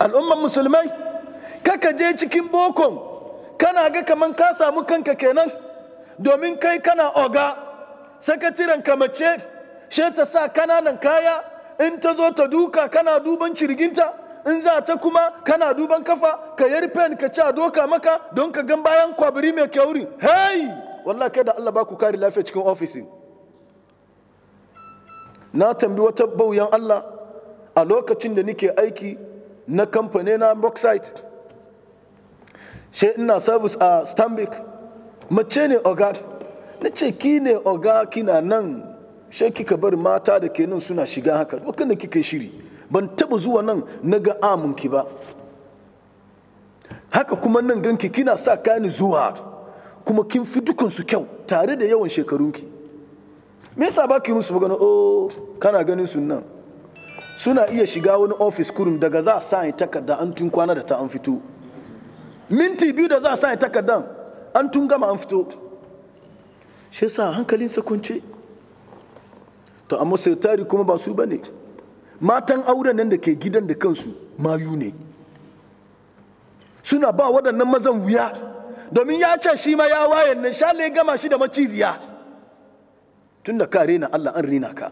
al'ummar musulmai kaka je cikin bokon kana ga kaman ka samu kanka kenan domin kai kana oga sakatiren mace she ta sa kananan kaya in ta zo ta duka kana duban cirginta in za ta kuma kana duban kafa ka yi pen ka ci a doka maka don ka gan bayan kwabiri mai kyauri hey wallah kai da allah ba ku kari lafiya cikin ofisin na tambi wata bauyan Allah a lokacin da nike aiki na kamfani na Brookside she ina service a Stanbic mace ne oga na ce ki ne oga kina nan she kika bar mata da ke nan suna shiga haka wakanda kika shiri ban taba zuwa nan na ga amunki ba haka kuma nan ganki kina sa kani zuwa kuma kin fi dukansu kyau tare da yawan shekarunki me yasa baki musu gano oh kana ganin su nan suna iya shiga wani ofis kurum daga za a sa takarda an tun kwana da ta an fito minti biyu da za a sa takardan an tun gama an fito shi sa hankalinsa kwance to amma sai tari kuma ba su bane matan auren nan da ke gidan da kansu mayu ne suna ba waɗannan mazan wuya domin ya ce shi ma ya wayan nan shale gama shi da maciziya tun da ka rena Allah an rena ka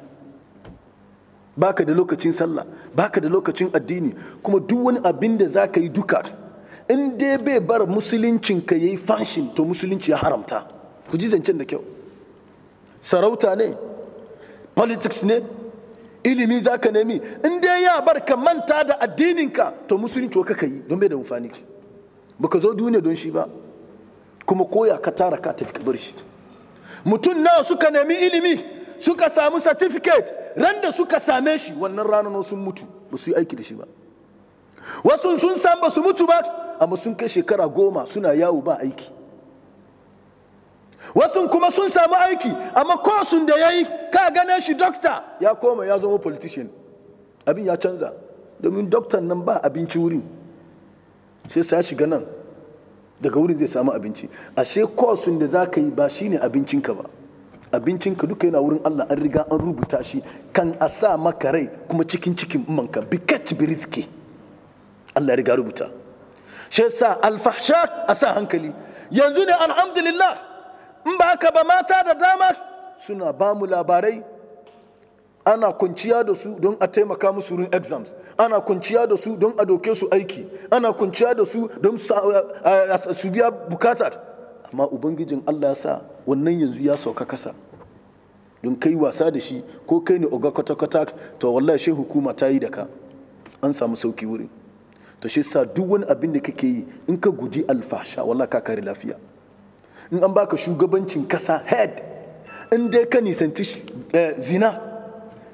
baka da lokacin sallah baka da lokacin addini kuma duk wani abin da za ka yi duka in dai bai bar musuluncin ka yi fashin to musulunci ya haramta ku ji zancen da kyau sarauta ne politics ne ilimi za ka nemi in dai ya bar ka manta da addininka to musulunci ka yi don bai da amfani ka zo duniya don shi ba kuma koya ka tara ka tafi ka bar shi mutum nawa suka nemi ilimi suka samu certificate ran da suka same shi wannan ranar sun mutu ba su yi aiki da shi ba wasu sun san ba su mutu ba amma sun kai shekara goma suna yawo ba aiki wasu kuma sun samu aiki amma kosun da ya yi ka gane shi dokta ya koma ya zama politician abin ya canza domin doktan nan ba abinci wurin sai sa shiga nan daga wurin zai samu abinci ashe kosun da za ka yi ba shine abincinka ba abincinka duka yana wurin Allah an riga an rubuta shi kan a sa maka rai kuma cikin cikin manka bikat biriski Allah ya riga rubuta shi sa alfahsha a sa hankali yanzu ne alhamdulillah in ba haka ba mata da dama suna ba mu labarai ana kwanciya da su don a taimaka musu wurin exams ana kwanciya da su don a doke su aiki ana kwanciya da su don su biya bukata amma ubangijin allah ya sa wannan yanzu ya sauka kasa don kai wasa da shi ko kai ne oga kwata-kwata to wallahi shi hukuma ta yi da ka an samu sauki wurin to shi sa duk wani abin da kake yi in ka guji alfasha wallahi ka kare lafiya in an baka shugabancin kasa head in dai ka nisanci eh, zina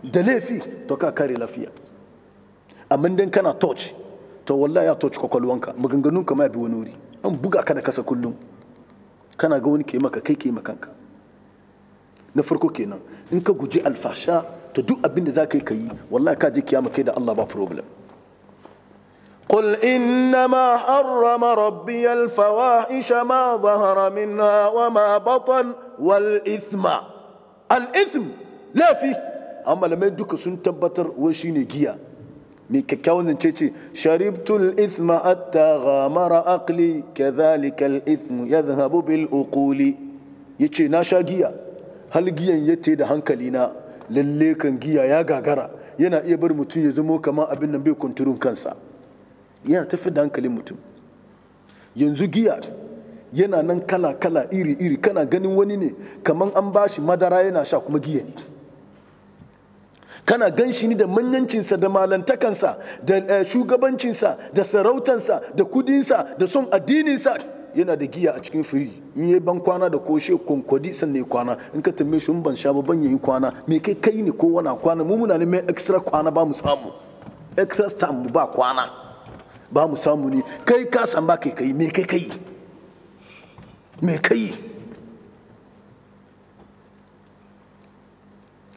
da laifi to ka kare lafiya amma dan kana touch to wallahi ya touch kwakwalwanka maganganun ka ma bi wani wuri an buga ka da kasa kullum kana ga wani ke maka kai ke makanka na farko kenan in ka guji alfasha to duk abin da za ka yi ka yi wallahi ka je kiyama kai da Allah ba problem قل إنما حرم ربي الفواحش ما ظهر منها وما بطن والإثم الإثم لا فيه an malamai duka sun tabbatar wai shine giya mai kyakkyawan zance ce sharibtul isma atta ghamara aqli kadhalika al ismu yadhhabu bil uquli yace na sha giya hal giyan yace da hankali na lalle kan giya ya gagara yana iya bar mutum ya zama kamar abin nan bai kunturun kansa yana tafi da hankalin mutum yanzu giya yana nan kala kala iri iri kana ganin wani ne kamar an bashi madara yana sha kuma giya ne kana gan shi ni da manyancinsa da malantakansa da eh, shugabancinsa da sarautansa da kudinsa da son addininsa yana da giya a cikin firiji in yi ban kwana da koshe kwankwadi sannan kwana in ka tambaye shi ban sha ba ban yi kwana me kai kai ne ko wana kwana mu muna neman extra kwana ba mu samu extra mu ba kwana ba mu samu ne kai ka san ba kai kai me kai kai me kai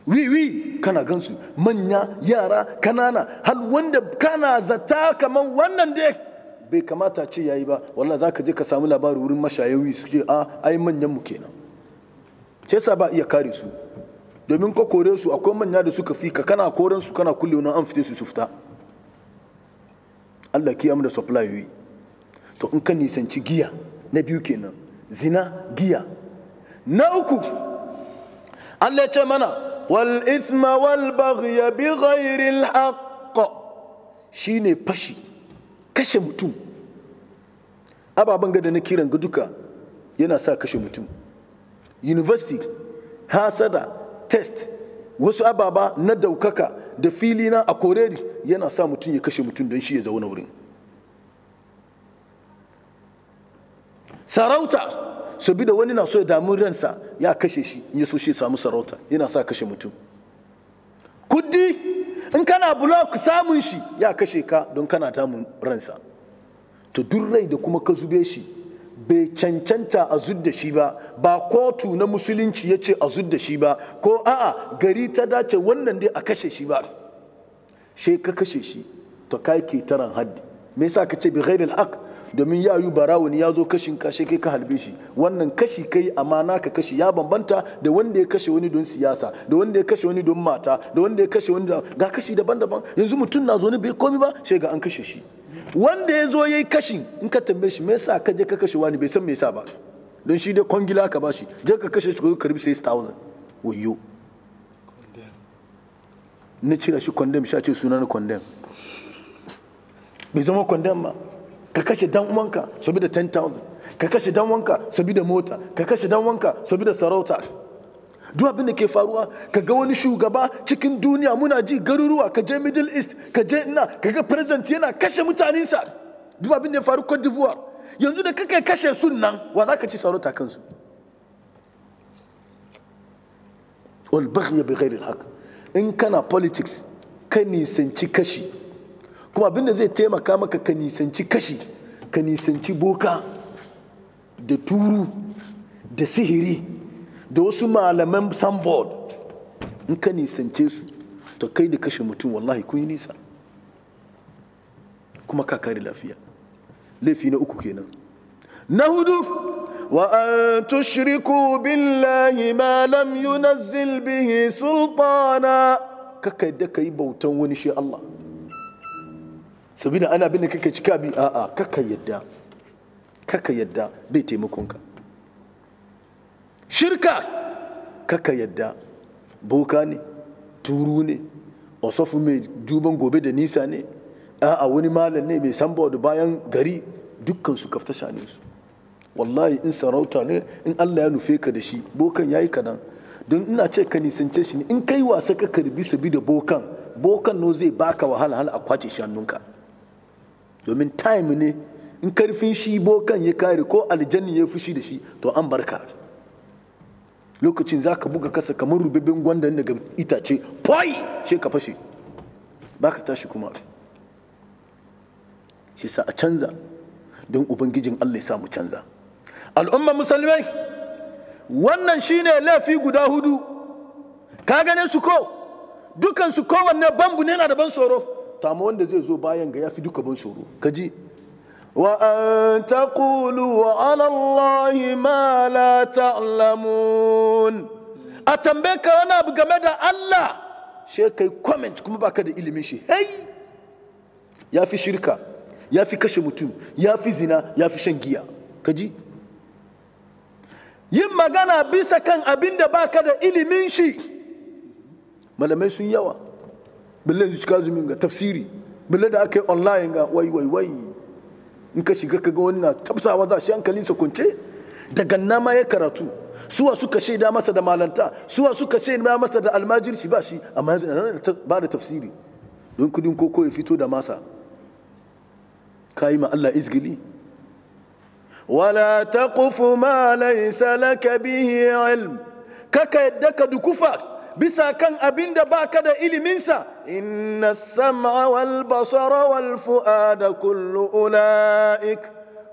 wiwi kana gansu manya yara kanana hal wanda kana zata kaman wannan dai bai kamata ce yayi ba wallahi zaka je ka samu labari wurin mashayawi su ce a ah, ai manyan mu kenan ce sa ba iya kare su domin ka kore su akwai manya da suka fi ka kana koren su kana kulle wani an fite su su fita Allah kiyam da supply wi to in ka nisanci giya na biyu kenan zina giya na uku Allah ya ce mana والإثم والبغي haƙƙo. Shi ne fashi, kashe mutum ababen gada na kiran ga duka yana sa kashe mutum university hasada test wasu ababa na daukaka da fili na a koreri yana sa mutum ya kashe mutum don shi ya zauna wurin sarauta saboda wani na so ya damu ransa ya kashe shi in ya so shi samu sarauta yana sa kashe mutum Kuddi, in kana block samun shi ya kashe ka don kana damun ransa to duk rai da kuma ka zube shi bai cancanta a zud da shi ba ba kotu na musulunci ya ce a zud da shi ba ko a'a gari ta dace wannan dai a kashe shi ba shi ka kashe shi to kai ke taran haddi me yasa ka ce bi ghairil haq domin ya yi barawuni ya zo kashin kashe kai ka halbe shi wannan kashi kai amana ka kashi ya bambanta da wanda ya kashe wani don siyasa da wanda ya kashe wani don mata da wanda ya kashe wani ga kashi daban-daban yanzu mutum na zo ne bai komi ba sai ga an kashe shi wanda ya zo ya yi kashin in ka tambaye shi me yasa ka je ka kashe wani bai san me yasa ba don shi dai kongila ka bashi je ka kashe shi ko karbi 1000 wayo na cire shi condemn shi a ce suna na condemn bai zama condemn ba ka kashe dan wanka saboda 10000 ka kashe dan wanka saboda mota ka kashe dan wanka saboda sarauta duk abin da ke faruwa ka ga wani shugaba cikin duniya muna ji garuruwa ka je middle east ka je ina ka ga president yana kashe mutanensa duk abin da ya faru cote d'ivoire yanzu da kakai kashe sun nan wa za ka ci sarauta kansu wal bi ghairi in kana politics kai nisanci kashi kuma abin da zai taimaka maka ka nisanci kashi ka nisanci boka da turu da sihiri da wasu malaman sambod in ka nisance su to kai da kashe mutum wallahi kun yi nisa kuma ka kare lafiya laifi na uku kenan na hudu wa an tushriku billahi ma lam yunazzil bihi sultana kakai da kai bautan wani shi Allah saboda ana bin da kake cika bi a'a kaka yadda kaka yadda bai taimakonka shirka kaka yadda boka ne turu ne osofu mai duban gobe da nisa ne a'a wani malam ne mai sambo da bayan gari dukkan su kafta shanin su wallahi in sarauta ne in Allah ya nufe ka da shi bokan yayi kadan don ina ce ka nisance shi ne in kai wasa ka karbi sabi da bokan bokan no zai baka wahala hal a kwace shanunka domin time ne in karfin shi bokan ya kare ko aljanni ya fushi da shi to an barka lokacin za ka buga kasa kamar rubabin gwandan daga itace poi shi ka fashe ba ka tashi kuma shi sa a canza don ubangijin allah ya samu canza al'umma musulmai wannan shi ne laifi guda hudu ka gane su ko dukansu kowanne bambu ne na da ban tsoro to wanda zai zo bayan ga ya fi duka ban tsoro kaji wa an kulu wa alallahi ma la ta'lamun a tambe ka wani abu game da Allah shi kai comment kuma baka da ilimin shi hey fi shirka ya fi kashe mutum ya fi zina ya fi shan giya kaji yin magana bisa kan abin da baka da ilimin shi malamai sun yawa balle su cika zumin ga tafsiri balle da aka yi online ga wai wai wai in ka shiga ka ga wannan tafsawa za shi hankalinsa kunce daga nan ma ya karatu suwa suka shaida masa da malanta suwa suka shaida masa da almajirci ba shi amma yanzu ba da tafsiri don kudin koko ya fito da masa ka yi ma Allah izgili wala taqufu ma laysa laka bihi ilm kaka yadda ka dukufa bisa kan abin da baka da iliminsa inna sam'a wal basara wal fu'ada kullu ula'ik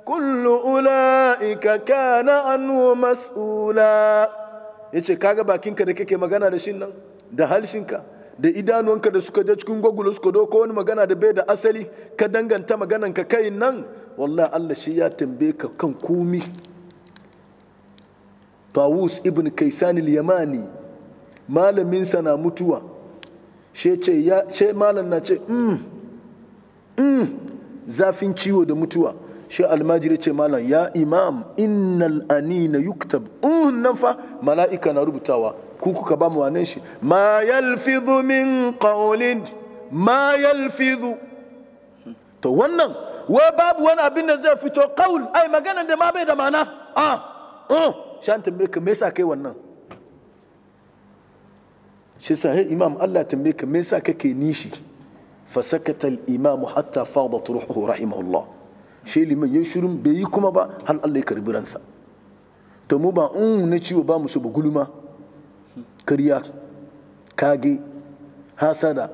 kullu ula'ika kana anhu mas'ula yace kaga bakinka da kake magana da shin nan da halshinka da idanuwanka da suka je cikin gwagulu suka doko wani magana da bai da asali ka danganta maganan ka kai nan wallahi Allah shi ya tambaye ka kan komi Tawus ibn Kaisan al-Yamani malaminsa na mutuwa she ce ya she malam na ce mm mm zafin ciwo da mutuwa she almajiri ce malam ya imam innal anina yuktab un mm, nan fa mala'ika na rubutawa ku kuka ba mu wane shi ma yalfidhu min qawlin ma yalfidhu to wannan wai babu wani abin da zai fito qaul ai maganan da ma bai da mana ah, mm. shan tambaye ka me yasa kai wannan shi sa imam Allah tambaye ka me yasa kake nishi sakata al-imam hatta fadat ruhuhu rahimahullah shi liman ya shirin bai yi kuma ba har Allah ya karbi ransa to mu ba un na ciwo ba mu so ba gulma kariya kage hasada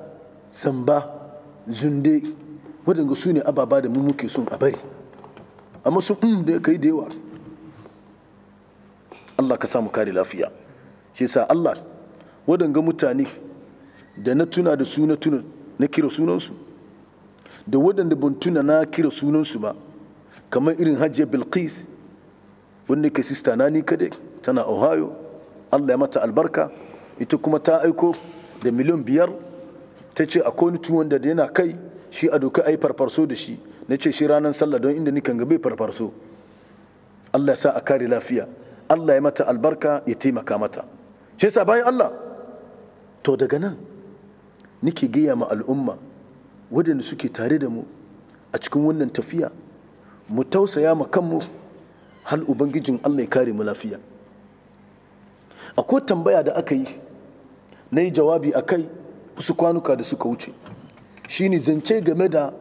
samba zunde wadanda su ne ababa da mu muke son a bari amma su un da kai da yawa Allah ka samu kare lafiya shi sa Allah waɗanga mutane da na tuna da su na tuna na kira sunansu da waɗanda ban tuna na kira sunansu ba kamar irin hajji Bilkis, wanda ke sista na ni kadai tana ohio allah ya mata albarka ita kuma ta aiko da miliyan biyar ta ce a koni tuwon da yana kai shi a doka a yi farfarso da shi na ce shi ranar sallah don inda nikan gabe farfarso allah ya sa a kare lafiya allah ya mata albarka ya taimaka mata shi sa bayan allah to daga nan nike gaya ma al'umma wadanda suke tare da mu a cikin wannan tafiya mu tausaya ma kanmu hal ubangijin allah ya kare mu lafiya akwai tambaya da aka yi na yi jawabi a kai wasu kwanuka da suka wuce shine zance game da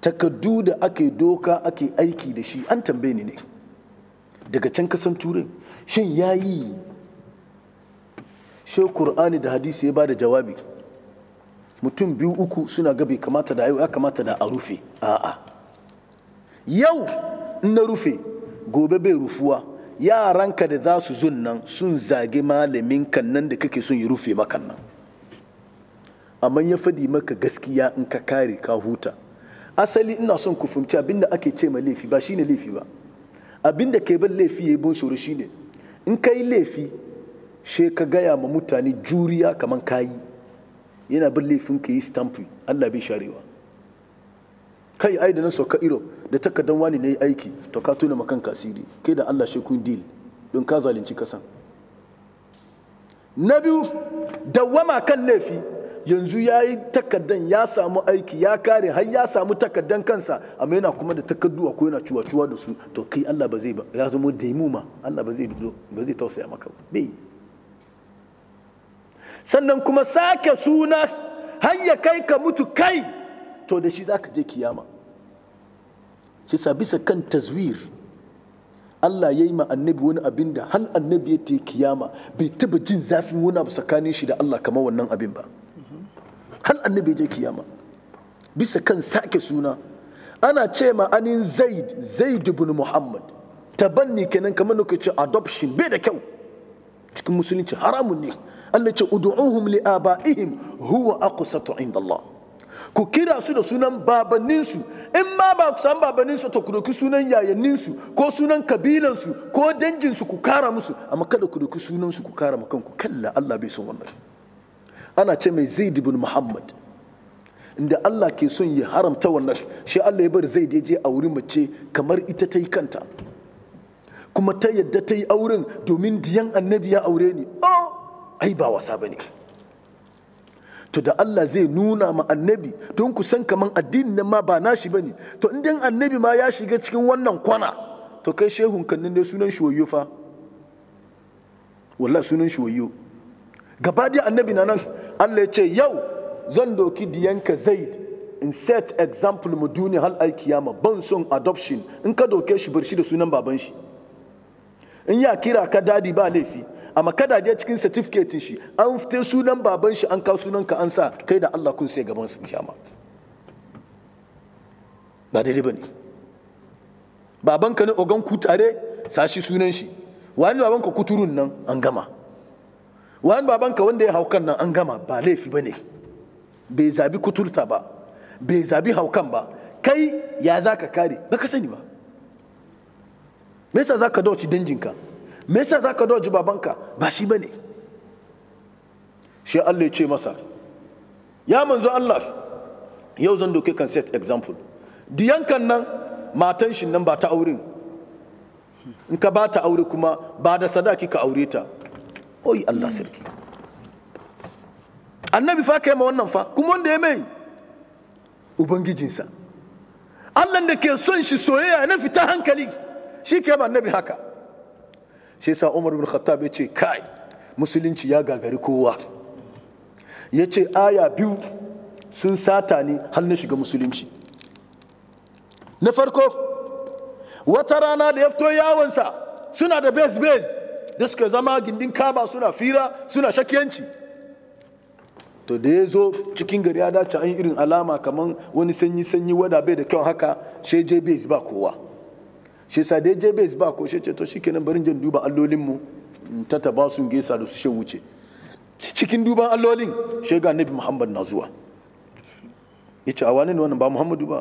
takaddu da ake doka ake aiki da shi an tambaye ni ne daga can kasan turai shin ya yi shi Kur'ani da hadisi ya bada jawabi mutum biyu uku suna gabe kamata da ya kamata da a rufe a'a yau in na rufe gobe bai rufuwa yaranka da za su zun nan sun zage malamin kan nan da kake son ya rufe maka nan amma ya fadi maka gaskiya in ka kare ka huta asali ina son ku fahimci abinda ake ce ma laifi ba shine laifi ba abinda ke bar laifi ya yi bon shine in ka yi laifi she ka gaya ma mutane juriya kamar kayi yana bin laifin ka yi stampi allah bai sharewa kai ai da na sauka iro, da takardar wani na yi aiki to ka tuna makan kasiri kai da allah shekun deal don ka zalunci kasan na biyu dawwama kan laifi yanzu ya yi takardan ya samu aiki ya kare har ya samu takardan kansa amma yana kuma da takardu ko yana cuwa-cuwa da su to kai Allah ba zai ba ya zama daimuma Allah ba zai tausaya maka ba. sannan kuma sake suna har kai ka mutu kai to da shi za ka je kiyama shi sa bisa kan tazwir Allah ya yi ma annabi wani abin da hal annabi ya ta kiyama bai taba jin zafin wani abu tsakanin shi da Allah kamar wannan abin ba hal annabi ya je kiyama bisa kan sake suna ana ce ma anin zaid zaid ibn muhammad tabanni kenan kamar nuka ce adoption bai da kyau cikin musulunci haramun ne Allah ce ud'uhum li abaihim huwa aqsatu inda Allah ku kira su da sunan su in ma ba ku san su to ku doki sunan yayanninsu ko sunan kabilansu ko danjinsu ku kara musu amma kada ku doki sunansu ku kara kanku kalla Allah bai son wannan ana ce mai Zaid ibn Muhammad inda Allah ke son ya haramta wannan shi Allah ya bar Zaid ya je a wurin mace kamar ita ta yi kanta kuma ta yadda ta yi auren domin diyan annabi ya aure ni oh ai ba wasa bane to da Allah zai nuna ma annabi don ku san kaman addinin na ma ba nashi bane to indan annabi ma ya shiga cikin wannan kwana to kai shehun kannin ne sunan shoyo fa wallahi sunan shoyo gaba da annabi na nan Allah ya ce yau zan doki diyanka zaid in set example mu duniya hal ai kiyama ban son adoption in ka doke shi bar shi da sunan baban shi in ya kira ka dadi ba laifi amma kada je cikin certificate shi an fite sunan baban shi an kawo sunan ka an sa kai da Allah kun sai gaban su kiyama ba daidai bane baban ka ne ogan ku tare sashi sunan shi wani baban ka kuturun nan an gama wani baban ka wanda ya haukan nan an gama ba laifi bane bai zabi kuturta ba bai zabi haukan ba kai ya zaka kare baka sani ba me yasa zaka dauci danjinka me yasa zaka doji babanka ba shi bane shi Allah ya ce masa ya manzo Allah yau zan doke kan set example diyankan nan matan shi nan ba ta auren in ka ba ta aure kuma ba da sadaki ka aure ta oi Allah sarki annabi fa kai ma wannan fa kuma wanda ya mai ubangijinsa Allah da ke son shi soyayya na fita hankali shi ke ba annabi haka shi yasa Umar bin Khattab ce kai musulunci ya gagari kowa yace aya biyu sun sata ne har na shiga musulunci na farko wata rana da ya fito yawonsa suna da base base da suka zama gindin kaba suna fira suna shakiyanci to da ya zo cikin gari ya dace an irin alama kamar wani sanyi sanyi wada bai da kyau haka je base ba kowa shi sa dai jabez ba ko shi ce to shikenan barin jan duba allolin mu ta taba sun gesa da su shi wuce cikin duban allolin shi ga nabi muhammad na zuwa ya ce a wani ne wannan ba muhammadu ba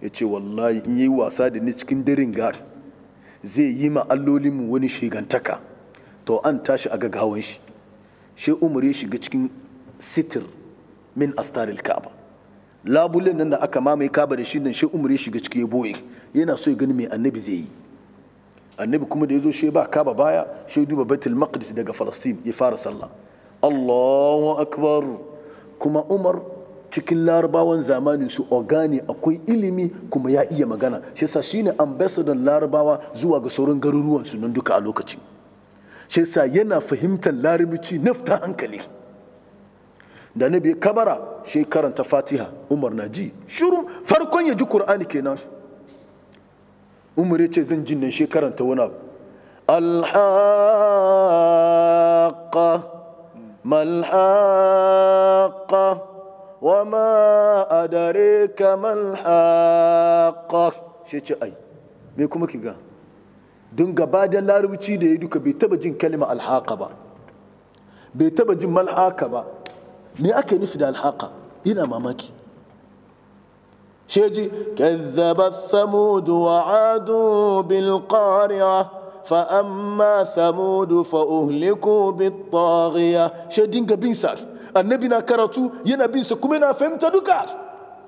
ya ce wallahi in yi wasa da ni cikin darin gar zai yi ma allolin mu wani shigantaka to an tashi a gagawan shi shi umar ya shiga cikin sitir min astaril kaba labulen nan da aka mamaye kaba da shi nan shi umar ya shiga cikin ya boye yana so ya gani mai annabi zai yi annabi kuma da ya zo shi ba kaba baya shi duba baitul maqdis daga falastin ya fara sallah allahu akbar kuma umar cikin larabawan zamani su ogani akwai ilimi kuma ya iya magana shi yasa shine ambassador larabawa zuwa ga sauran garuruwan su nan duka a lokaci shi yasa yana fahimtar larabici nafta hankali da nabi kabara shekaran karanta fatiha umar na ji shirun farkon ya ji qur'ani kenan umar ya ce zan jin nan shekaran ta wani abu alhaƙa malhaƙa wa ma a dare ka malhaƙa shi ce ai me kuma ki ga don gaba da larabci da ya duka bai taba jin kalima alhaƙa ba bai taba jin malhaƙa ba me ake nufi da alhaƙa ina mamaki شيجي كذب الثمود وعاد بالقارعة فأما ثمود فأهلكوا بالطاغية شيجي نقبين سار النبي نكرتو ينبين سكمنا فهمت دكار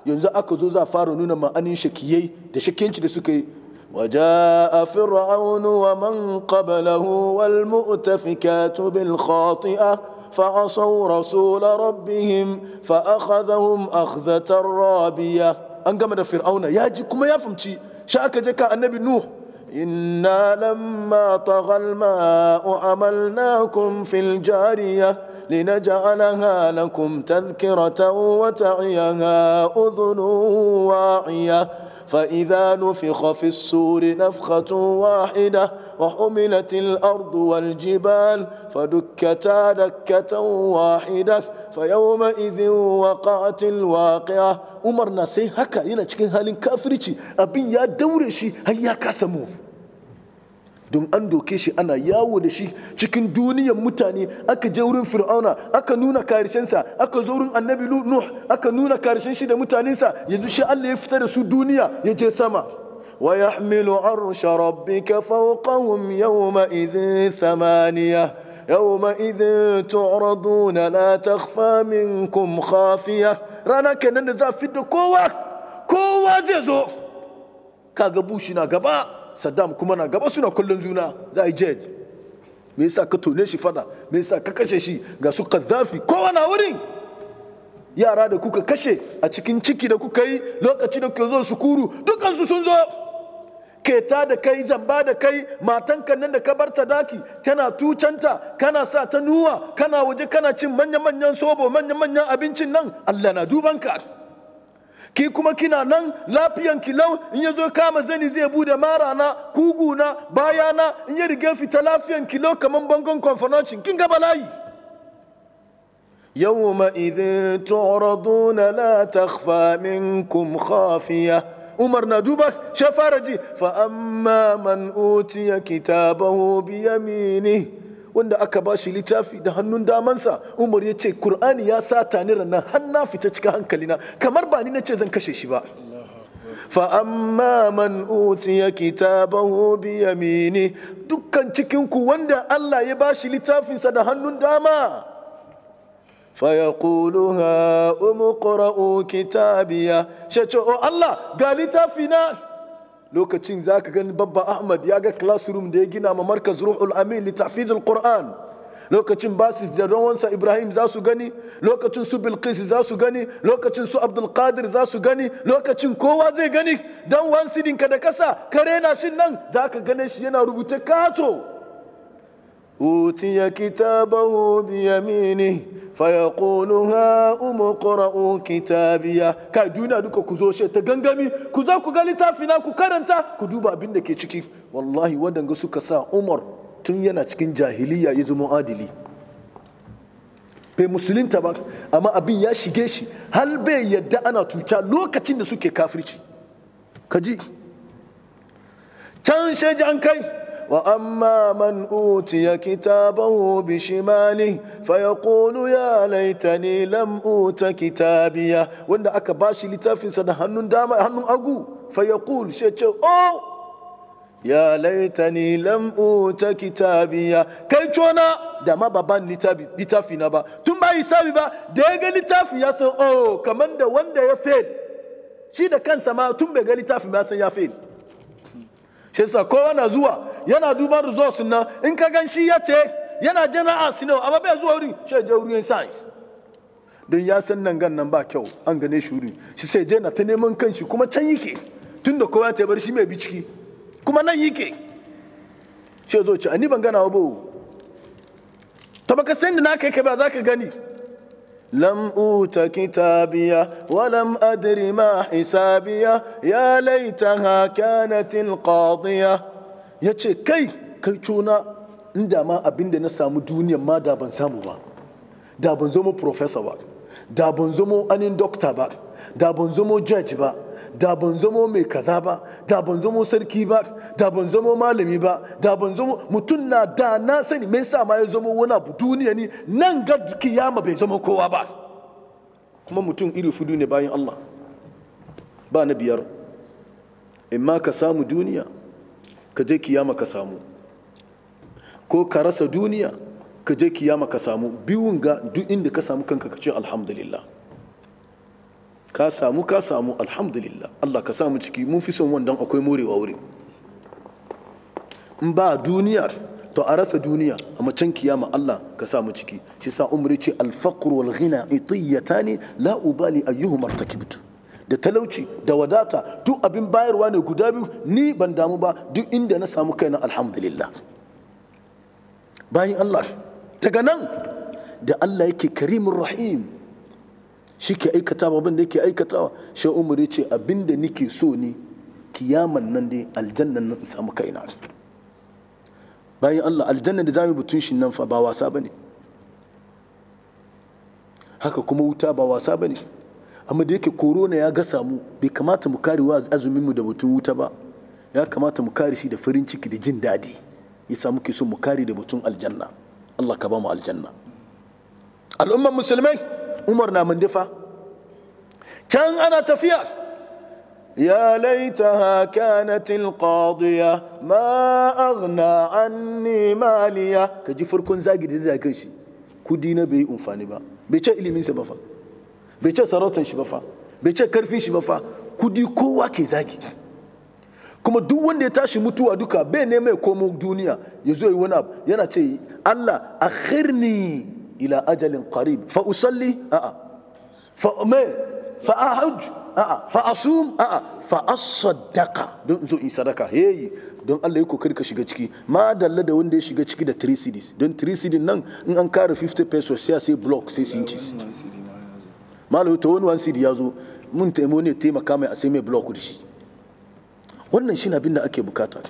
ينزا أكزو زافارو نونا ما أني شكيي دي شكينش دي سكي وجاء فرعون ومن قبله والمؤتفكات بالخاطئة فعصوا رسول ربهم فأخذهم أخذة رابية an gama da fir'auna ya ji kuma ya fahimci shi aka je kan annabi nuh inna lamma taghal ma'u amalnakum fil jariya linaj'alaha lakum tadhkiratan wa ta'iyaha udhunun wa'iya فإذا نفخ في السور نفخة واحدة وحملت الأرض والجبال فدكتا دكة واحدة فيومئذ وقعت الواقعة أمرنا سي هكا ينا cikin halin kafirci abin ya daure shi har don an doke shi ana yawo da shi cikin duniyan mutane aka je wurin fir'auna aka nuna karshensa aka zo wurin annabi nuh aka nuna karshen shi da mutanensa yanzu shi allah ya fita da su duniya ya je sama wa yahmilu arsha rabbika fawqahum yawma idhin thamaniya yawma idhin tu'raduna la takhfa minkum khafiya rana kenan da za fi da kowa kowa zai zo kaga bushi na gaba saddam kuma na gaba suna kullum juna za a yi jej me yasa ka tone shi fada me yasa ka kashe shi ga su zafi kowa na wurin yara da kuka kashe a cikin ciki da kuka yi lokaci da kuka zo su kuru dukansu sun zo keta da kai zamba da kai matan nan da ka bar ta daki tana tucanta kana sa ta nuwa kana waje kana cin manya-manyan sobo manya-manyan abincin nan allah na dubanka ki kuma kina nan lafiyan kilau in ya zo kama zani zai bude marana kuguna bayana na baya in ya riga fita lafiyan kilau kamar kaman bangon konfanocin kin ga yau yawma idin tu'raduna la takhfa minkum khafiya umar na duba shafaraji fara ji fa amma man utiya kitabahu bi yaminihi wanda aka ba shi littafi da hannun damansa umar ya ce kur'ani ya sata ni ranar hanna fita cikin hankalina kamar ba ni na ce zan kashe shi ba fa'amma man utiya kitabahu bi yamini dukkan cikinku wanda Allah ya ba shi littafinsa da hannun dama fayaqulu ha umqra'u kitabiya shace o Allah ga na! lokacin za ka gani babba ahmad ya ga classroom da ya gina ma markaz ruhul amin li tafizul qur'an lokacin basis da wansa ibrahim za su gani lokacin su bilqis za su gani lokacin su abdul qadir za su gani lokacin kowa zai gani dan wansidinka da kasa kare na shin nan za ka gane shi yana rubuta kato أوتي كتابه بيمينه فيقول هاؤم اقرءوا كتابيه كاي دنيا duka ku zo she ta gangami ku zo ku ga littafi na ku karanta ku duba abin da ke ciki wallahi wadanga suka sa Umar tun yana cikin jahiliya ya zama adili bai musulunta ba amma abin ya shige shi hal bai yadda ana tuca lokacin da suke kafirci kaji can sheji an kai واما من اوتي كتابه بشماله فيقول يا ليتني لم اوت كتابيه وند اكا باشي لتافين سنه هنون داما هنون اغو فيقول شيء او ya laitani lam uta kitabiya kai cona da ma ba littafi na ba tun ba hisabi ba da ya ga littafi ya san oh kamar da wanda ya fail shi da kansa ma tun bai ga littafi ya san ya fail shi yasa kowa na zuwa yana duban results nan in ka gan shi ya te yana jana'a sinau amma bai zuwa wuri shi je wurin science don ya san nan gan nan ba kyau an gane shi wuri shi sai je na ta neman kanshi kuma can tun da kowa ya bar shi mai biciki kuma nan yike shi zo ci ani ban gana ba to baka san da na kai ka ba za ka gani لم أوت كتابية ولم أدر ما حسابية يا ليتها كانت القاضية يتشي كي كي تونا inda ma abin da na samu duniyan ma da ban samu ba da ban zama professor ba da ban zama anin doctor ba da ban zama judge ba da ban zamo mai kaza ba da ban zamo sarki ba da ban zamo malami ba da ban zamo mutum na da na sani me sa ma ya zamo wani abu duniya ni nan ga kiyama bai zama kowa ba kuma mutum iri fudu ne bayan Allah ba na biyar ma ka samu duniya ka je kiyama ka samu ko ka rasa duniya ka je kiyama ka samu biyun ga duk inda ka samu kanka ka ce alhamdulillah ka samu ka samu alhamdulillah Allah ka samu ciki mun fi son wannan akwai morewa wuri in ba duniya to a rasa duniya a macen kiyama Allah ka samu ciki shi sa umri ce alfaqr wal ghina itiyatani la ubali ayyuhuma irtakibtu da talauci da wadata duk abin bayarwa ne guda biyu ni ban damu ba duk inda na samu kaina alhamdulillah bayan Allah daga nan da Allah yake Karimur rahim shi ke aikatawa abin da yake aikatawa shi umar ya ce abin da nike so ne kiyaman nan dai aljannan nan samu kaina bayan Allah aljannan da zamu butun shi nan fa ba wasa bane haka kuma wuta ba wasa bane amma da yake korona ya gasa mu bai kamata mu kare wa azumin mu da butun wuta ba ya kamata mu kare shi da farin ciki da jin dadi samu ke so mu kare da butun aljanna Allah ka ba mu aljanna al'umman musulmai umar na mundufa can ana tafiya ya laitaha kanatil qadiya ma aghna anni ka ji farkon zagi da zai kan shi kudi na bai yi amfani ba bai ce iliminsa ba fa bai ce sarautan shi ba fa bai ce karfin shi ba fa kudi kowa ke zagi kuma duk wanda ya tashi mutuwa duka bai ne ya komo duniya ya zo yi wani abu yana ce Allah akhirni ila ajalin qarib fa usalli a'a fa me? fa ahuj a'a fa asum a'a fa asaddaqa don zo in sadaka hey don Allah ya kokari ka shiga ciki ma dalla da wanda ya shiga ciki da 3 cedis don 3 cds nan in an kare 50 pesos sai sai block sai inches malu to wani 1 cd ya zo mun taimo ne taimaka mai a sai mai block da shi wannan shi na bin da ake bukata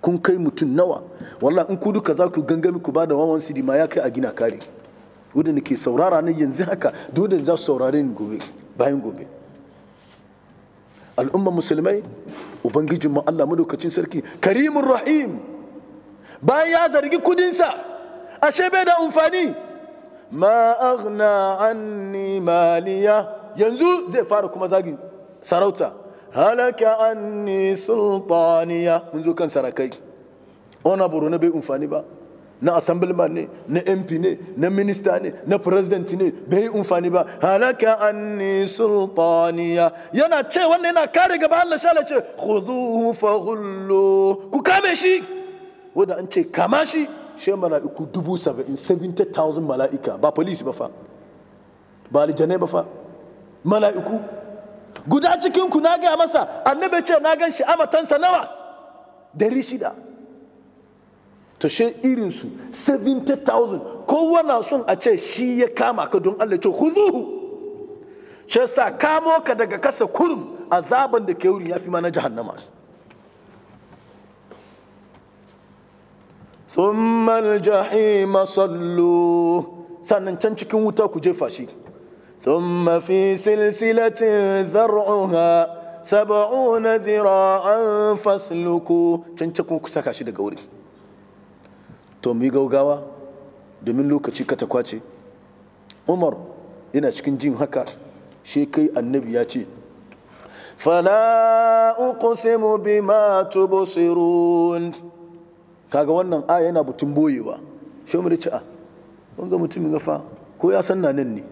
kun kai mutum nawa wallahi in ku duka za ku gangami ku ba da 1 cd ma ya kai a gina kare wadda nake saurara na yanzu haka dole za su saurare ni gobe bayan gobe al'umma musulmai ubangijin mu Allah madaukacin sarki Karimur rahim bayan ya zargi kudinsa ashe bai da amfani ma aghna anni maliya yanzu zai fara kuma zagin sarauta halaka anni sultaniya mun zo kan sarakai ona buru na bai amfani ba na assemblyman ne na mp ne na minista ne na president ne bai umfani ba halaka anni sultaniya yana ce wanda yana kare gaba Allah sha Allah ce khudhuhu faghullu ku kame shi wanda an ce kama shi she mala'iku dubu saba'in 70,000 mala'ika ba police ba fa ba aljanai ba fa mala'iku guda cikin ku na ga masa annabi ce na gan shi amatansa nawa dari shida ta she irinsu 70,000 kowana son a ce shi ya kama ka don Allah ce huzuhu shi sa kamo ka daga kasa kurum azaban da ke wurin ya fi ma na jahannama ثم الجحيم masallo, sannan can cikin wuta ku jefa shi ثم في silsilatin ذرعها سبعون ذراعا فاسلكوا can cikin ku saka shi daga wurin to mu yi gaugawa domin lokaci ka kwace umar yana cikin jin haka shi kai annabi ya ce fala uqsimu bima tubsirun kaga wannan aya yana butun boyewa shi mu ce a mutum mutumin fa ko ya san nan ne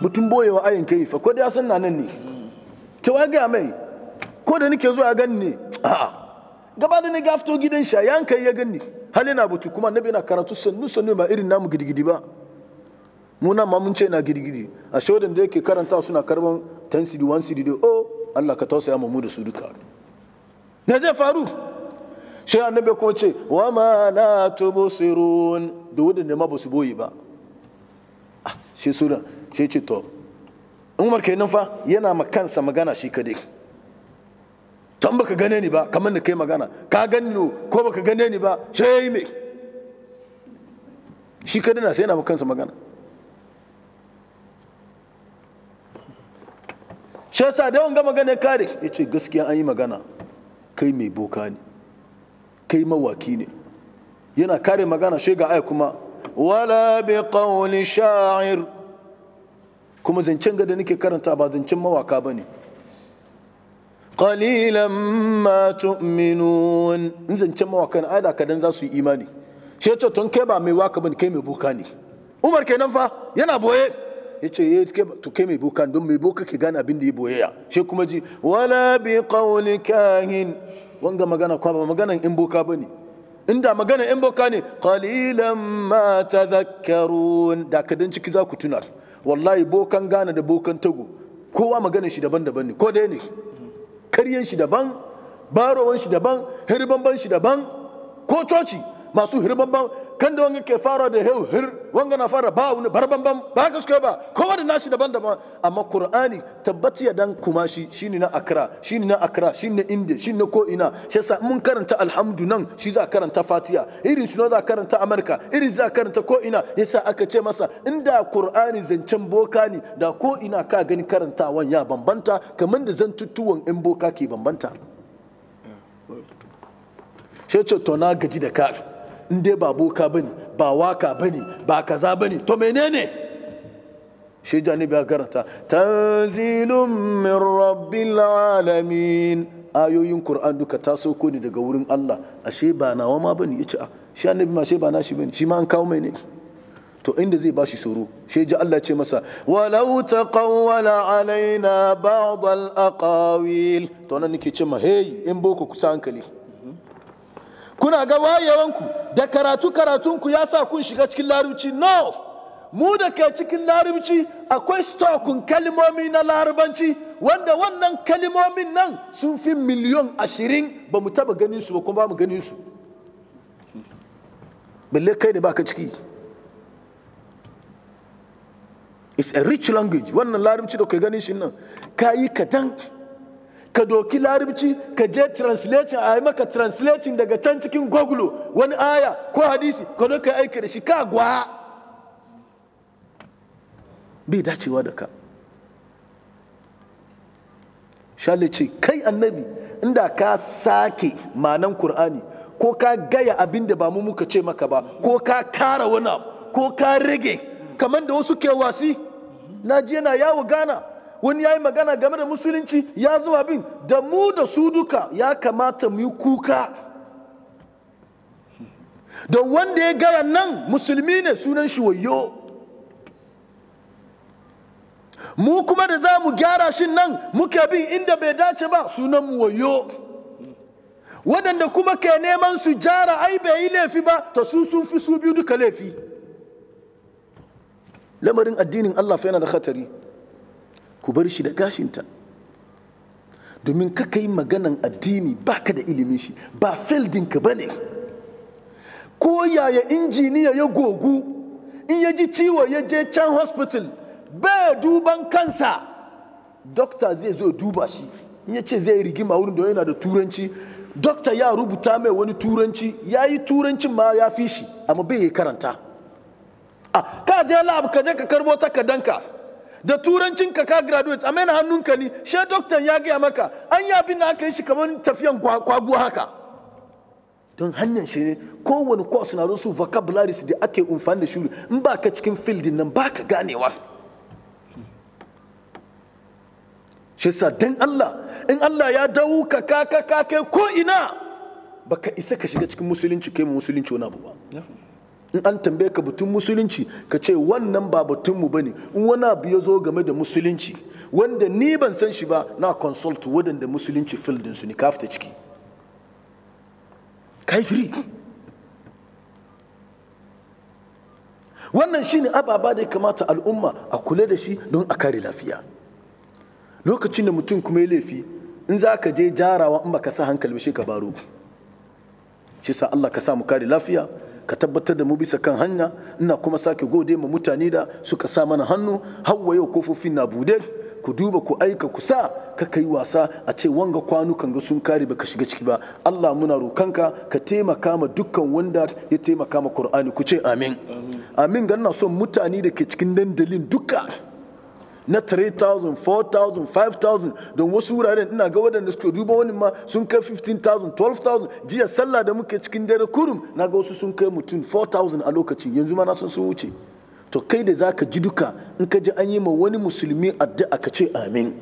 butun boyewa ayin kai fa ko da ya san nan ne to ga mai ko da nake zuwa gan ne a'a gaba da ni gafto gidan sha yankai ya gani hali na butu kuma annabi na karatu sannu sannu ba irin namu gidigidi ba mu na ma mun ce na gidigidi a shodan da yake karanta suna karban 10 cd 1 cd oh Allah ka tausaya mu da su duka ne zai faru shi annabi ko ce wa ma la tubsirun da ne ma ba su boye ba ah shi sura shi ce to Umar kenan fa yana ma kansa magana shi kadai can baka gane ni ba kamar da kai magana ka gani ko baka gane ni ba sai me shi kada na sai yana kansa magana shi yasa da wanga magana kare ya ce gaskiya an yi magana kai mai boka ne kai mawaki ne yana kare magana shi ga aya kuma wala bi qawli sha'ir kuma zancen ga da nake karanta ba zancen mawaka ba ne. qalilan ma tu'minun in zance mawakan kadan za su yi imani shi ya tun kai ba mai waka bane kai mai boka ne umar kenan fa yana boye ya ce ya eh, to kai mai boka don mai boka ke gane abin da ya boye ya shi kuma ji wala bi qawli kahin wanga magana kwa ba maganan in boka bane inda magana in boka ne qalilan ma tadhakkarun da kadan ciki za ku tunar wallahi bokan gane da bokan tago kowa magana shi daban-daban ne ko dai ne karyan shi daban barowan shi daban hirbanban shi daban ko coci masu hirbabban kan da wanga ke fara da hau hir wanga na fara ba wani barbamban ba haka suke ba kowa da nashi daban-daban amma qur'ani tabbati ya dan kuma shi shine na akra shine na akra shine na inda shine ko ina shi yasa mun karanta alhamdu nan shi za karanta Fatiya, irin shi za karanta amerika irin za karanta ko ina yasa aka ce masa inda Kur'ani zancen boka ne da ko ina ka gani karantawan ya bambanta kamar da zantuttuwan in boka ke bambanta shi ce to gaji da ka in dai ba boka ne ba waka bane ba kaza bane to menene shi janibi ya karanta tanzilun min rabbil alamin ayoyin qur'an duka ta sauko ne daga wurin Allah ashe ba nawa ma bane yace a ah, shi annabi ma shi ba nashi bane shi ma an kawo mai ne to inda zai bashi tsoro shi ji Allah ce masa walau taqawwala alaina ba'd al aqawil to nan nake ce ma hey in boko kusa hankali kuna ga wayewanku da karatu karatunku ya sa kun shiga cikin larabci no mu da ke cikin larabci akwai stokun kalimomi na larabanci wanda wannan kalmomin nan sun fi miliyon ashirin ba mu taba ganin su ba kuma ba mu ganin su balle kai da baka ciki it's a rich language wannan larabci da kai ganin shi nan ka yi kadan ka doki larabci ka je translating a yi maka translating daga can cikin Goglo wani aya ko hadisi ka zo ka aiki da shi ka gwa bai dacewa da ka ce kai annabi inda ka sake manan kur'ani ko ka gaya abin da ba mu muka ce maka ba ko ka kara wani ko ka rage kamar da wasu ke wasi na yana yawo gana wani ya yi magana game da musulunci ya zuwa bin da mu da su duka ya kamata mu yi kuka da wanda ya gaya nan musulmi ne sunan shi wayo mu kuma da za mu gyara shi nan muke bin inda bai dace ba sunan mu wayo waɗanda kuma ke neman su jara ai bai yi laifi ba ta su sun fi su biyu duka laifi lamarin addinin allah fa yana da khatari ku bar shi da gashinta domin ka yi maganan addini ba ka da ilimin shi ba feldinka ba ne ko yaya injiniya ya gogu in ya ji ciwo ya je can hospital bai duban kansa dokta zai zo duba shi in ya ce zai rigima wurin da yana da turanci dokta ya rubuta mai wani turanci ya yi turancin ma ya fi shi amma bai karanta a ah, ka je lab ka je ka karbo takardanka da turancin ka ka graduate a hannun hannunka ni she doctor ya gaya maka an yi abin da aka yi shi kamar tafiyan kwagu haka don hanyar shi ne kowane course na rusu vocabularies da ake umfani da shuri in ba ka cikin field nan ba ka ganewa shi sa don Allah in Allah ya dawo ka ka ka kai ko ina baka isa ka shiga cikin musulunci kai musulunci wani abu ba in an tambaye ka batun musulunci ka ce wannan ba batunmu ba ne in wani abu ya zo game da musulunci wanda ni ban san shi ba na consult waɗanda musulunci fildinsu ne ka fita ciki ka yi firi wannan shine ababa da ya kamata al'umma a kula da shi don a kare lafiya lokacin da mutum kuma ya laifi in za ka je jarawa in ba ka sa hankali ba shi ka baro shi sa Allah ka sa mu kare lafiya ka tabbatar da mu bisa kan hanya ina kuma sake gode ma mutane da suka sa mana hannu hawa yau kofofin na bude ku duba ku aika ku sa ka kai wasa a ce wanga kan ga sun kare baka shiga ciki ba Allah muna rokanka ka taimaka ma dukkan wanda ya taimaka ma Qur'ani ku ce amin amin ga ina son mutane da ke cikin dandalin duka na 3,000 4,000 5,000 don wasu wuraren ina ga waɗanda suke duba wani ma sun kai 15,000 12,000 jiya sallah da muke cikin dare kurum na ga wasu sun kai mutum 4,000 a lokacin yanzu ma na sun sun wuce to kai da za ka ji duka in ka ji an yi ma wani musulmi addu'a ka ce amin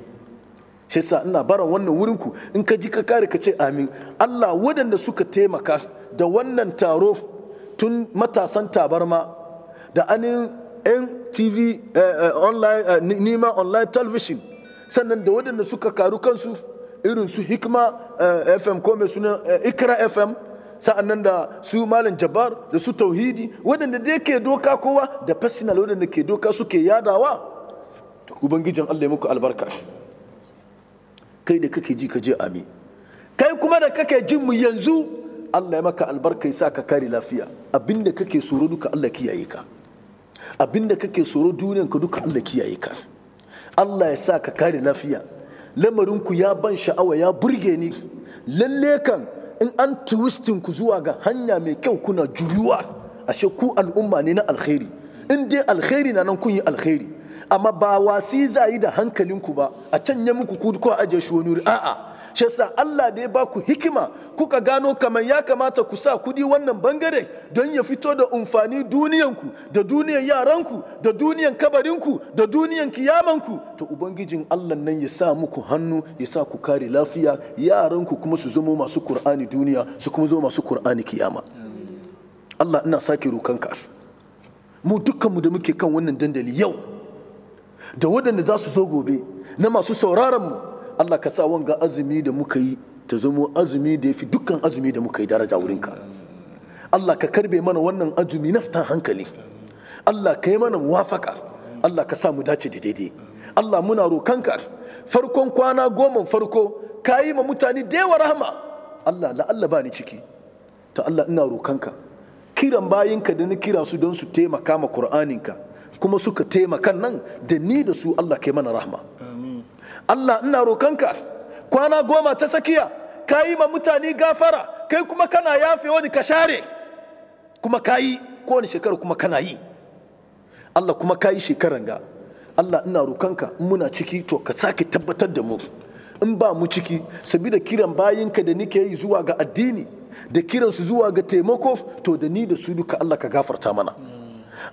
shi sa ina baran wannan wurin ku in ka ji ka kare ka ce amin Allah waɗanda suka taimaka da wannan taro tun matasan tabarma da anin 'yan tv eh, eh, online eh, nima online television sannan da waɗanda suka karu kansu irin su hikma fm ko mai suna ikra fm sa'annan da su malam jabar da su tauhidi waɗanda dai ke doka kowa da personal waɗanda ke doka suke yadawa ubangijin allah ya muku albarka kai da kake ji ka je ami kai kuma da kake jin mu yanzu allah ya maka albarka ya sa ka kare lafiya abinda kake tsoro duka allah kiyaye ka abinda kake tsoro duniyan ka duka Allah kiyaye ka Allah ya sa ka kare lafiya lamarinku ya ban sha'awa ya burge ni lalle kan in an twistin ku zuwa ga hanya mai kyau kuna juyuwa ashe ku al'umma ne na alkhairi in dai alkhairi na nan kun yi alkhairi amma ba wasi za yi da hankalinku ba a can ya muku ku a ajiye shi wani wuri a'a shi yasa Allah da ya ba ku hikima kuka gano kamar ya kamata ku sa kudi wannan bangare don ya fito da umfani duniyanku da duniyan yaranku da duniyan kabarinku da duniyan kiyamanku to ubangijin Allah nan ya sa muku hannu ya sa ku kare lafiya yaranku kuma su zama masu Kur'ani duniya su kuma zama masu Kur'ani kiyama Allah ina sake rokanka mu dukkanmu da muke kan wannan dandali yau da waɗanda za su zo gobe na masu sauraronmu Allah ka sa wanga azumi da muka yi ta zamo azumi da ya fi dukkan azumi da muka yi daraja wurinka Allah ka karbe mana wannan azumi na fitan hankali Allah ka yi mana muwafaka Allah ka sa mu dace da daidai Allah muna rokanka farkon kwana goma farko ka yi ma mutane da yawa rahama Allah Allah ba ni ciki ta Allah ina rokanka kiran bayinka da na kira su don su taimaka ma Qur'aninka kuma suka taimakan nan da ni da su Allah kai mana rahma Allah ina rokanka kwana goma ta tsakiya ka yi ma mutane gafara kai kuma kana yafe wani ka share kuma ka yi kowane shekara kuma kana yi Allah kuma ka yi shekaran ga Allah ina rokanka in muna ciki to ka sake tabbatar da mu in ba mu ciki sabida kiran bayinka da nike yi zuwa ga addini da kiransu zuwa ga taimako to da ni da su duka Allah ka gafarta mana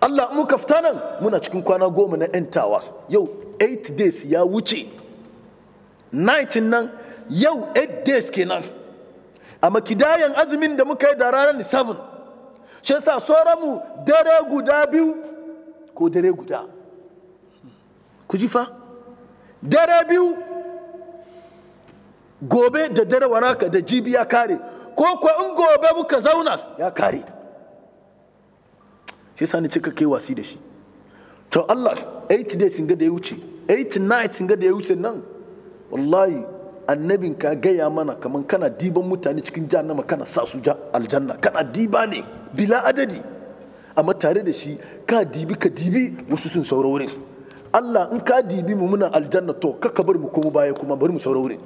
Allah mu kafta nan muna cikin kwana goma na ‘yantawa yau 8 days ya wuce 19 nan yau 8 days kenan a kidayan azumin da muka yi da ranar 7 shi sa sauran mu dare guda biyu ko dare guda ku ji fa dare biyu gobe da dare waraka da jibi ya kare ko kuwa in gobe muka zauna ya kare shi sani cika kai wasi da shi to Allah 8 days ga da ya wuce 8 nights ga da ya wuce nan wallahi annabin ka gaya mana kaman kana diban mutane cikin jahannama kana sa su ja aljanna kana diba ne bila adadi amma tare da shi ka dibi ka dibi wasu sun saura wurin Allah in ka dibi mu muna aljanna to ka ka bar mu kuma baya kuma bari mu saura wurin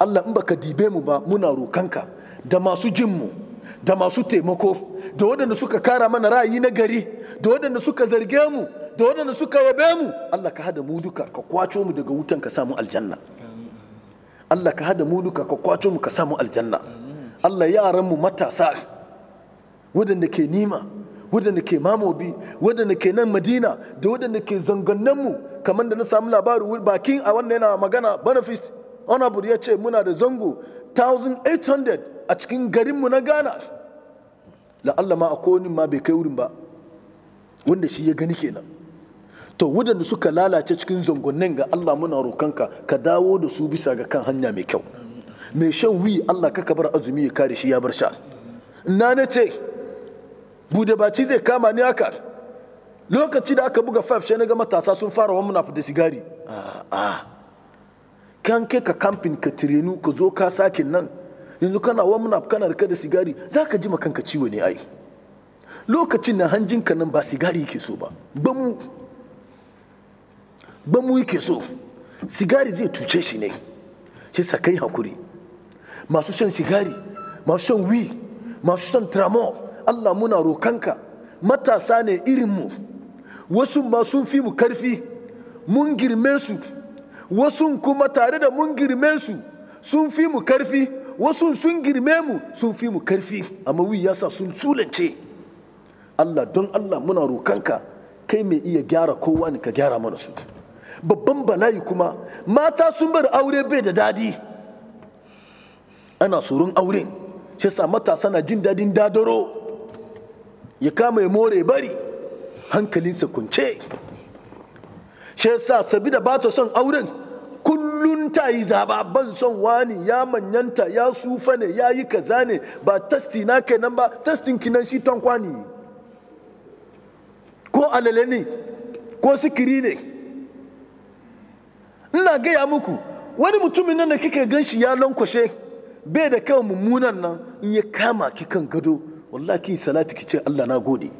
Allah in baka dibe mu ba muna rokanka da masu jin mu da masu taimako da waɗanda suka kara mana ra'ayi na gari da waɗanda suka zarge mu da waɗanda suka yabe mu Allah ka hada mu duka ka kwaco mu daga wutan ka samu aljanna Allah ka hada mu duka ka kwaco mu ka samu aljanna Allah yaran mu matasa waɗanda ke nima waɗanda ke mamobi waɗanda ke nan madina da waɗanda ke zangannen mu kamar da na samu labari bakin a wannan yana magana benefit honorable ya ce muna da zango 1800 a cikin garinmu na gana la'alla ma a konin ma bai kai wurin ba wanda shi ya gani kenan to wadanda suka lalace cikin zangonin ga allah muna rokanka ka dawo da su bisa ga kan hanya mai kyau mai shan wi allah ka bar azumi ya kare shi ya bar sha na na ce bude baci zai kama ni haka lokaci da aka buga "Five shi na ga matasa sun fara wa muna fita sigari kan ke ka kamfin ka tirenu ka zo ka sake nan yanzu kana muna kana rike da sigari za ka ji ma kanka ciwo ne ai lokacin na hanjinka nan ba sigari yake so ba bamu bamu yake so sigari zai tuce shi ne shi sa kai hakuri masu shan sigari masu shan wi masu shan tramol allah muna rokanka matasa ne irinmu wasu ma sun fi mu karfi mun girme su wasu kuma tare da mun girme su sun fi mu karfi wasu sun girme mu sun fi mu karfi amma wi yasa sun sulance Allah don Allah muna rokanka kai mai iya gyara kowa ne ka gyara mana su babban bala'i kuma mata sun bar aure bai da dadi ana tsoron auren shi sa matasa na jin dadin dadaro ya kama ya more bari hankalinsa kunce shi sa sabida ba ta son auren kullun ta yi zaba ban son wani ya manyanta ya sufa ne ya yi kaza ne ba tasti na kai nan ba tastin kinan shi tankwa ne ko alale ne ko sikiri ne ina gaya muku wani mutumin nan da kika gan shi ya lankwashe bai da kawai mummunan nan in ya kama ki kan gado wallahi salatu ki ce Allah na gode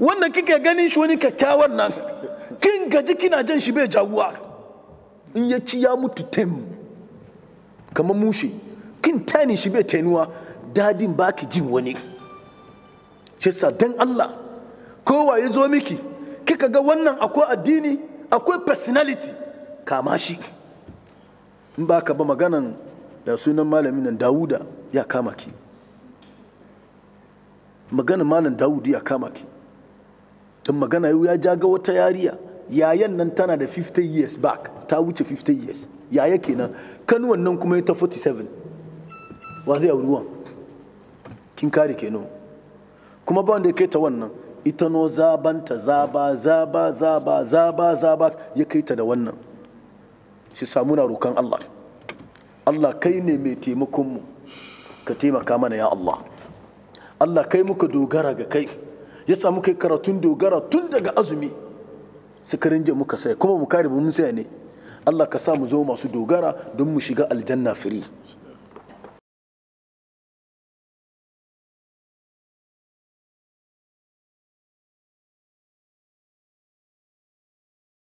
wannan kike ganin shi wani kyakkyawan nan kin gaji kina jan shi bai jawuwa in ya ci ya mutu tem kamar mushe kin tani shi bai tainuwa dadin ba ki jin wani shi sa dan Allah kowa ya zo miki kika ga wannan akwai addini akwai personality kama shi in ba ka ba maganan da sunan malamin nan Dawuda ya kama ki maganan malam Dawudu ya kama ki don magana yau ya ja ga wata yariya yayan nan tana da 50 years back ta wuce 50 years yaya kenan kanuwan nan kuma ta 47 wa zai auri wan kin kare kenan kuma ba wanda ya kai ta wannan ita no zabanta zaba zaba zaba zaba zaba ya kai ta da wannan shi samu na rokan Allah Allah kai ne mai taimakon ka taimaka mana ya Allah Allah kai muka dogara ga kai ya samu kai karatun dogara tun daga azumi sakarin jiya muka saya kuma mu kare mu mun saya ne Allah ka sa mu zama masu dogara don mu shiga aljanna firi